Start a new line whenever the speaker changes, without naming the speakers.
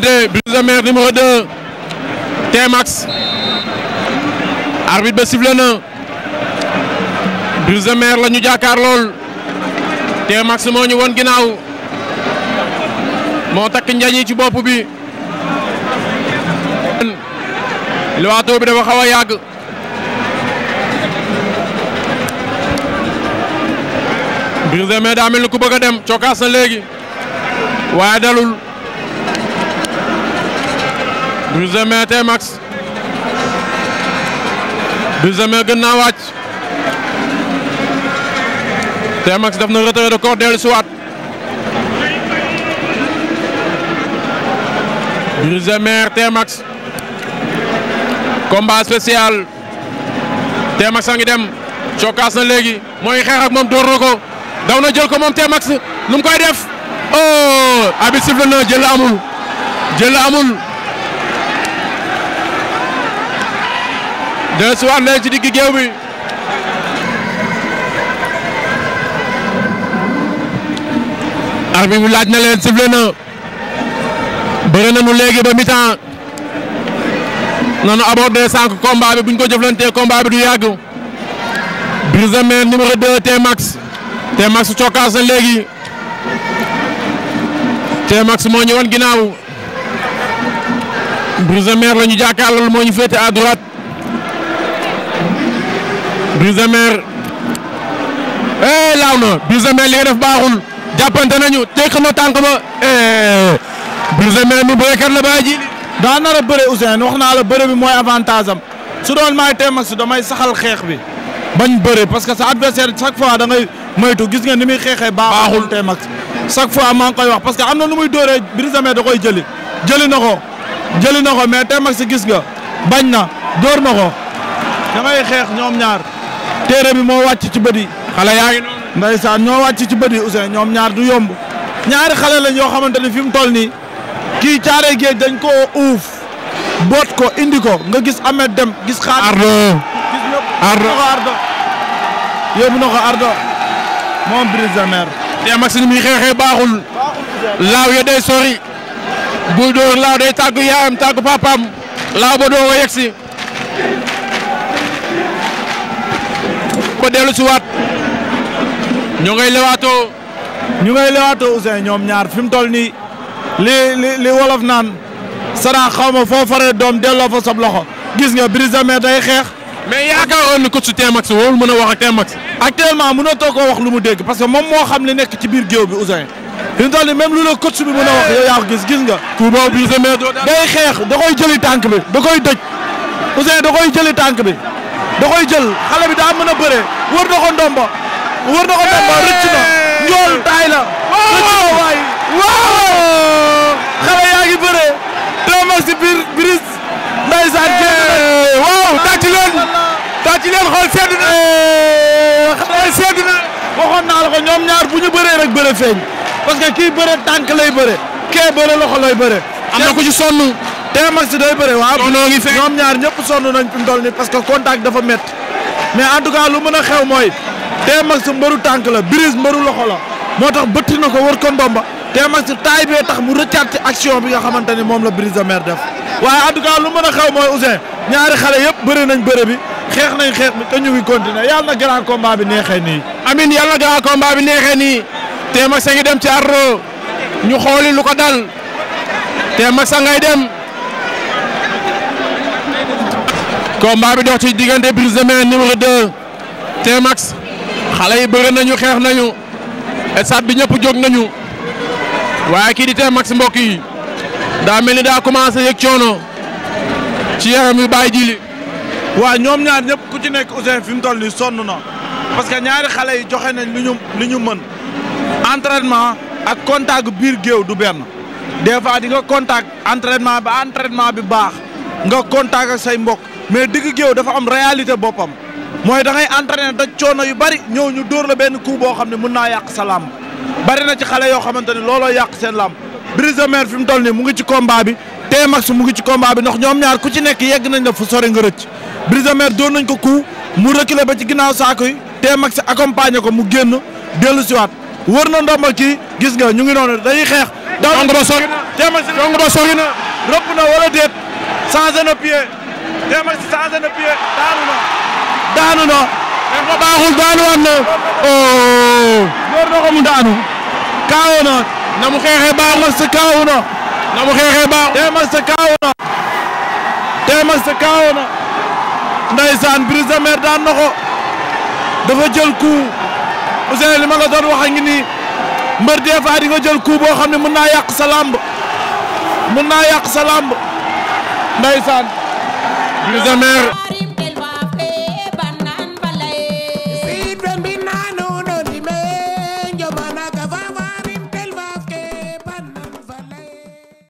diggante Brise de Mer numéro 2 T-Max arbitre ba sifflé Brise de Mer la ñu jàkkaar lool t moo ñu won ginnaaw moo takk njañi ci bopp bi liwaatoo bi dafa xaw a yàgg Brise de daa mel ni ku bëgg a dem cokaas na léegi waaye dalul 12 mai Tmax 12 mai gën naa wàcc Tmax def na retrait de corps dellu si waat 12 mai combat spécial Tmax a ngi dem cokaas na léegi mooy xeex ak moom door ko daw na jël ko moom Tmax lu koy def oh abi sifle na jël amul jël amul. del si leen ci digg géew bi arbitre bi laaj na leen sifflé na bëre nañu léegi ba mi-temps nanu abordé sànq combat bi buñ ko jëflantee combat bi du yàgg Brise de Mer numéro 2 T-Max na léegi T-Max moo ñu wan ginnaaw Brise de Mer la ñu moo ñu féete à Brise de Mer eh laaw na
Brise de li nga def jàppante nañu tekk na tànk ba eh Brise de Mer mi bërekat la bàyyi ji. daan nara a bëre Ousseyn wax naa la bëre bi mooy avantage am su doon maay teem ak su damay saxal xeex bi bañ bëre parce que sa adversaire chaque fois da ngay moytu gis nga ni muy xeexee. baaxul teem ak chaque fois maa ngi koy wax parce que am na nu muy dóoree Brise de da koy jëli jëli na ko jëli na ko mais teem ak si gis nga bañ na dóor na ko xeex ñoom ñaar. téere bi moo wàcc ci bët yi. xale yaa ngi noonu. ndeysaan ñoo wàcc ci bët yi Ousseyn ñoom ñaar du yomb ñaari xale lañ yoo xamante ni fi mu toll nii kii caare géej dañ koo uuf boot ko indi ko nga gis Ahmed dem gis. xaar Ardo yóbbu na ko Ardo moom Brise de te Maxime mi xeexee baaxul. laaw ya day sori.
buy door laaw day tàggu yaayam tàggu papaam. laaw ba doo ko yegsi.
dafa dellu si waat ñu ngay lewaatoo ñu ngay lewaatoo Ousseyn ñoom ñaar fi mu toll nii li li li wolof naan saraax xaw ma foo faree doom delloo fa sab loxo gis nga Brise de day xeex. mais yaakaaroon ni coach su Tmax mën a wax ak Tmax. actuellement mënatoo koo wax lu mu dégg parce que moom moo xam li nekk ci biir géew bi Ousseyn. fi mu toll nii lu la coach bi mën a wax yow gis gis nga. Touba Brise day xeex da koy jëli tànk bi da koy dëj Ousseyn da koy jëli tànk bi da koy jël xale bi daa mën a bëree. wër na ko ndomba. wër na a ndomba rëcc na. njool taay la. rëcc na waay. waaw xale yaa ngi bëre. deux matchs ci biir Brise. ndeysaan génn na. waaw tàcc leen. tàcc leen xool sedd na. waxoon naa la ñoom ñaar bu ñu bëree rek bëre feeñ. parce que kii bëre tànk lay bëre. kee bëre loxo lay bëre. am na ku ci sonn. deux matchs day bëre waaw. ñoom ñaar ñëpp sonn nañ fi mu parce que contact dafa métti. mais en tout cas lu mën a xew mooy Tmax mbaru tànk la Brise mbaru loxo la moo tax bëtti na ko war ko ndomba Tmax taay bee tax mu rëccaat ci action bi nga xamante ni moom la Brise de Mer def waaye en tout cas lu mën a xew mooy Ouzin ñaari xale yëpp bëri nañ bëre bi xeex nañ xeex bi te ñu ngi continuer yàlla na grand combat bi neexee nii. Amin yàlla na grand combat bi neexee nii Tmax a ngi dem ci arro ñu xooli lu ko dal
Tmax a ngay dem. combat bi dox ci diggante Brise de Mer numéro 2 Tmax xale yi bëri nañu xeex nañu stade bi ñëpp jóg nañu waaye kii di Tmax mbokk yi
daa mel ni daa commencé yëg coono ci yaram yu bàyyi ji li. waaw ñoom ñaar ñëpp ku ci nekk Ousseyn fi mu toll nii sonn na parce que ñaari xale yi joxe nañ lu ñu lu ñu mën entraînement ak contact biir géew du benn des fois di nga contact entraînement ba entraînement bi baax nga contact say mbokk. mais digg géew dafa am réalité boppam mooy da ngay entraîné daj coono yu bari ñëw ñu dóor na benn coup boo xam ne mën naa yàq sa làmb bari na ci xale yoo xamante ni looloo yàq seen làmb Brise de Mer fi mu toll nii mu ngi ci combat bi Tmax mu ngi ci combat bi ndax ñoom ñaar ku ci nekk yegg nañ la fu sore nga rëcc Brise de Mer dóor nañ ko coup mu reculer ba ci ginnaaw saako yi te Tmax accompagné ko mu génn dellu siwaat wër na ndomba kii gis nga ñu ngi noonu dañuy xeex. dong ba sori na dong ba sori na rëpp na wala déet changé na pied. Demba Cissé changé na pied daanu na. daanu na. Demba baaxul daanuwaat na. oh. door mu daanu. kaawu na. na mu na. mu xeexee baaxul. Demba Cissé kaawu na. Demba Cissé kaawu na. Ndeysaan Brise de Mer daan na ko. dafa jël coup. Ousseyn li ma la doon wax a mbër des fois di nga jël coup boo xam ne mën naa yàq sa làmb. mën naa yàq sa làmb. Brise de Mer